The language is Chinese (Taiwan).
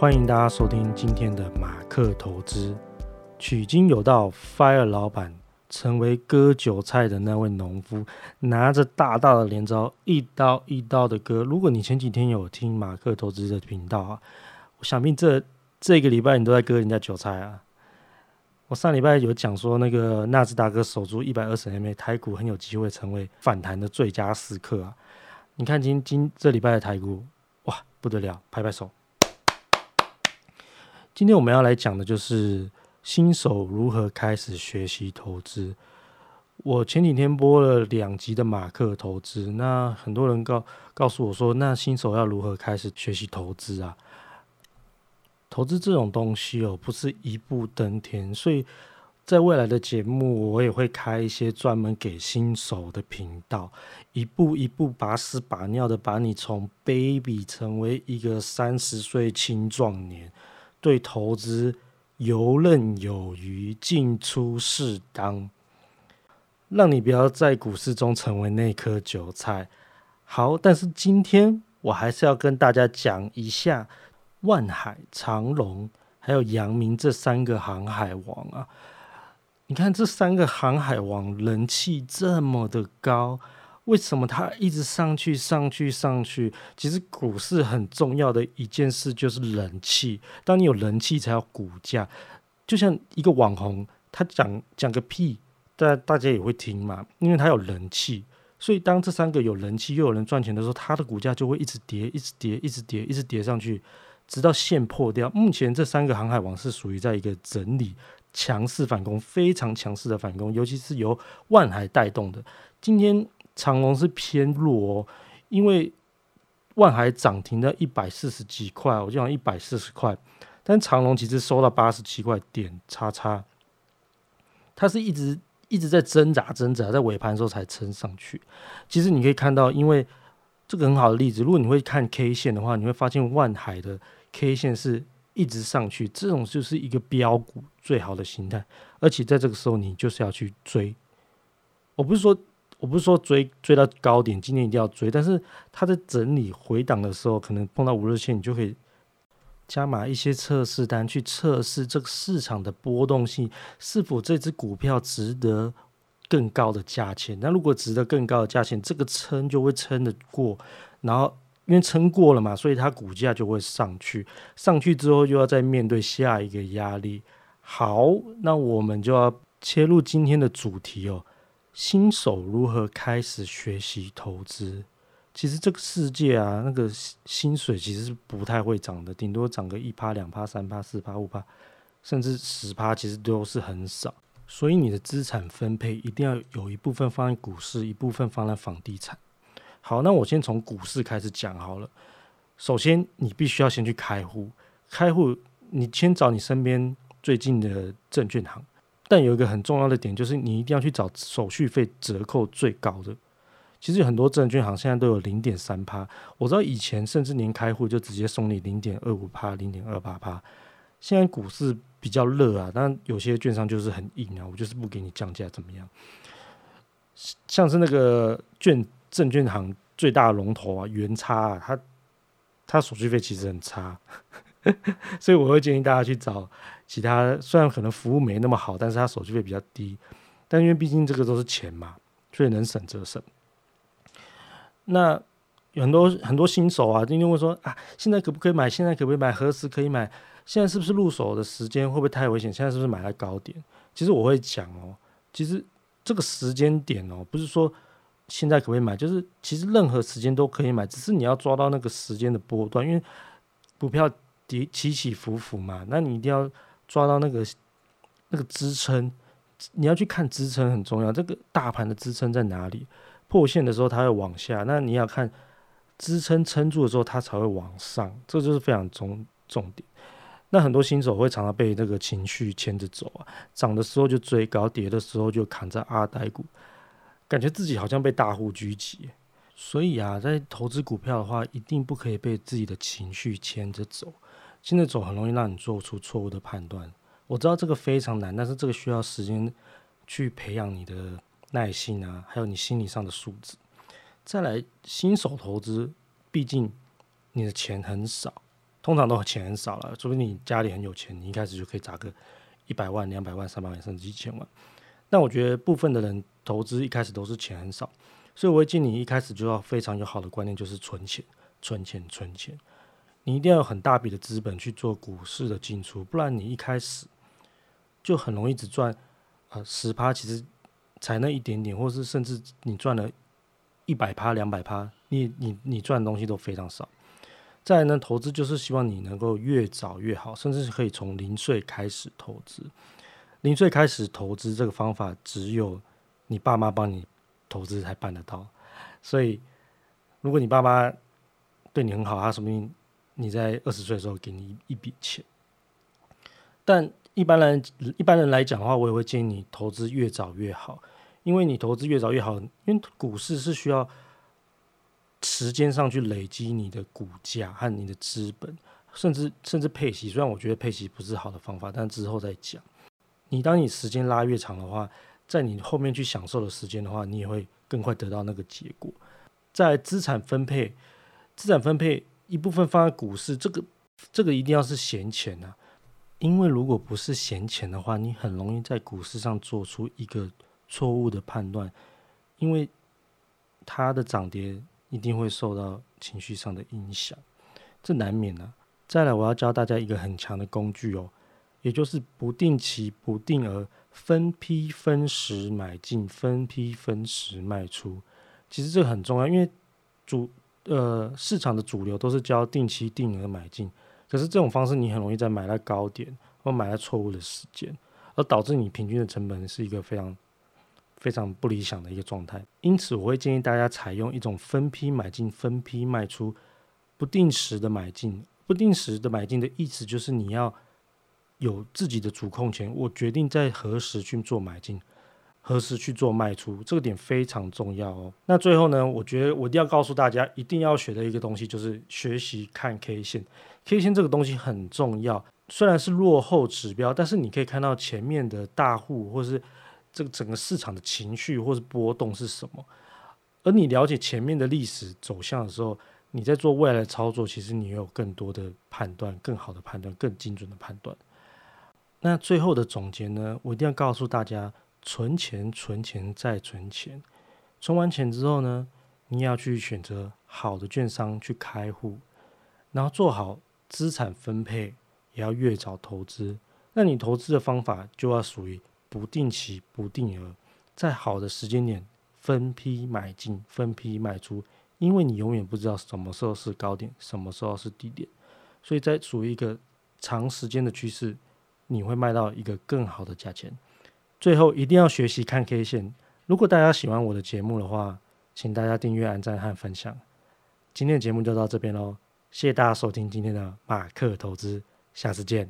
歡迎大家收聽今天的馬克投資。取經有道，Fire 老闆成為割韭菜的那位農夫，拿着大大的鐮刀，一刀一刀的割。如果你前幾天有聽馬克投資的頻道啊，我想必這這個禮拜你都在割人家韭菜啊。我上禮拜有講說，那個納斯達克守住一百二十 MA，台股很有機會成為反彈的最佳時刻啊。你看今天今這禮拜的台股，哇，不得了，拍拍手。今天我們要來講的就是新手如何開始學習投資。我前幾天播了兩集的《馬克投資》，那很多人告告訴我說：“那新手要如何開始學習投資啊？”投資這種東西哦，不是一步登天，所以在未來的節目，我也會開一些專門給新手的頻道，一步一步把屎把尿的把你從 baby 成為一個三十歲青壯年。對投資游刃有餘，進出適當，讓你不要在股市中成為那顆韭菜。好，但是今天我還是要跟大家講一下萬海長榮還有陽明這三個航海王啊！你看這三個航海王人氣這麼的高。為什麼它一直上去，上去上去上去？其實股市很重要的一件事就是人氣。當你有人氣，才有股價。就像一個網紅，他講講個屁，大家也會聽嘛，因為他有人氣。所以當這三個有人氣又有人賺錢的時候，他的股價就會一直跌，一直跌，一直跌，一直跌上去，直到線破掉。目前這三個航海王是屬於在一個整理強勢反攻，非常強勢的反攻，尤其是由萬海帶動的。今天。長榮是偏弱哦，因為萬海漲停到一百四十幾塊，我講一百四十塊，但長榮其實收到八十七塊點叉叉，它是一直一直在掙扎掙扎，在尾盤的時候才撐上去。其實你可以看到，因為這個很好的例子，如果你會看 K 線的話，你會發現萬海的 K 線是一直上去，這種就是一個標股最好的形態，而且在這個時候，你就是要去追。我不是說。我不是說追追到高點，今天一定要追，但是他在整理回檔的時候，可能碰到五日線，你就可以加碼一些測試單，去測試這個市場的波動性是否這只股票值得更高的價錢。那如果值得更高的價錢，這個撐就會撐得過，然後因為撐過了嘛，所以它股價就會上去，上去之後又要再面對下一個壓力。好，那我們就要切入今天的主題哦。新手如何開始學習投資？其實這個世界啊，那個薪水其實是不太會漲的，頂多漲個一趴、兩趴、三趴、四趴、五趴，甚至十趴，其實都是很少。所以你的資產分配一定要有一部分放在股市，一部分放在房地產。好，那我先從股市開始講好了。首先，你必須要先去開戶，開戶你先找你身邊最近的證券行。但有一個很重要的點，就是你一定要去找手續費折扣最高的。其實很多證券行現在都有零點三帕，我知道以前甚至連開戶就直接送你零點二五帕、零點二八帕。現在股市比較熱啊，但有些券商就是很硬啊，我就是不給你降價，怎麼樣？像是那個券證券行最大的龍頭啊，元差啊，它它手續費其實很差， 所以我會建議大家去找。其他雖然可能服務沒那麼好，但是他手續費比較低，但因為畢竟這個都是錢嘛，所以能省則省。那很多很多新手啊，天天問說啊，現在可不可以買？現在可不可以買？何時可以買？現在是不是入手的時間？會不會太危險？現在是不是買在高點？其實我會講哦，其實這個時間點哦，不是說現在可不可以買，就是其實任何時間都可以買，只是你要抓到那個時間的波段，因為股票跌起起伏伏嘛，那你一定要。抓到那個那個支撐，你要去看支撐很重要。這個大盤的支撐在哪裡？破線的時候它會往下，那你要看支撐撐住的時候它才會往上。這就是非常重重點。那很多新手會常常被那個情緒牽着走啊，漲的時候就追高，跌的時候就扛着阿呆股，感覺自己好像被大戶狙擊。所以啊，在投資股票的話，一定不可以被自己的情緒牽着走。現在走很容易讓你做出錯誤的判斷。我知道這個非常難，但是這個需要時間去培養你的耐心啊，還有你心理上的素質。再來，新手投資，畢竟你的錢很少，通常都錢很少了。除非你家裡很有錢，你一開始就可以砸個一百萬、兩百萬、三百萬，甚至一千萬。但我覺得部分的人投資一開始都是錢很少，所以我會建議你一開始就要非常有好的觀念，就是存錢、存錢、存錢。你一定要有很大筆的資本去做股市的進出，不然你一開始就很容易只賺呃十趴，其實才那一點點，或是甚至你賺了一百趴、兩百趴，你你你賺的東西都非常少。再來呢，投資就是希望你能夠越早越好，甚至是可以從零歲開始投資。零歲開始投資這個方法，只有你爸媽幫你投資才辦得到。所以，如果你爸媽對你很好，啊，說不定。你在二十歲的時候給你一筆錢，但一般人，一般人來講的話，我也會建議你投資越早越好，因為你投資越早越好，因為股市是需要時間上去累積你的股價和你的資本，甚至，甚至配息。雖然我覺得配息不是好的方法，但之後再講。你當你時間拉越長的話，在你後面去享受的時間的話，你也會更快得到那個結果。在資產分配，資產分配。一部分放在股市，這個這個一定要是閒錢吶、啊。因為如果不是閒錢的話，你很容易在股市上做出一個錯誤的判斷，因為它的漲跌一定會受到情緒上的影響，這難免呢、啊。再來，我要教大家一個很強的工具哦，也就是不定期、不定額、分批分時買進，分批分時賣出。其實這個很重要，因為主。呃，市場的主流都是交定期定額買進，可是這種方式你很容易在買在高點或買在錯誤的時間，而導致你平均的成本是一個非常非常不理想的一個狀態。因此，我會建議大家採用一種分批買進、分批賣出、不定時的買進。不定時的買進的意思就是你要有自己的主控權，我決定在何時去做買進。何時去做賣出，這個點非常重要哦。那最後呢，我覺得我一定要告訴大家，一定要學的一個東西就是學習看 K 線。K 線這個東西很重要，雖然是落後指標，但是你可以看到前面的大戶或是這個整個市場的情緒，或是波動是什麼。而你了解前面的歷史走向的時候，你在做未來的操作，其實你有更多的判斷，更好的判斷，更精準的判斷。那最後的總結呢，我一定要告訴大家。存錢，存錢，再存錢。存完錢之後呢，你要去選擇好的券商去開戶，然後做好資產分配，也要越早投資。那你投資的方法就要屬於不定期、不定額，在好的時間點分批買進、分批賣出，因為你永遠不知道什麼時候是高點，什麼時候是低點，所以在屬於一個長時間的趨勢，你會賣到一個更好的價錢。最後一定要學習看 K 線。如果大家喜歡我的節目的話，請大家訂閱、按讚和分享。今天的節目就到這邊嘍，謝謝大家收聽今天的馬克投資，下次見。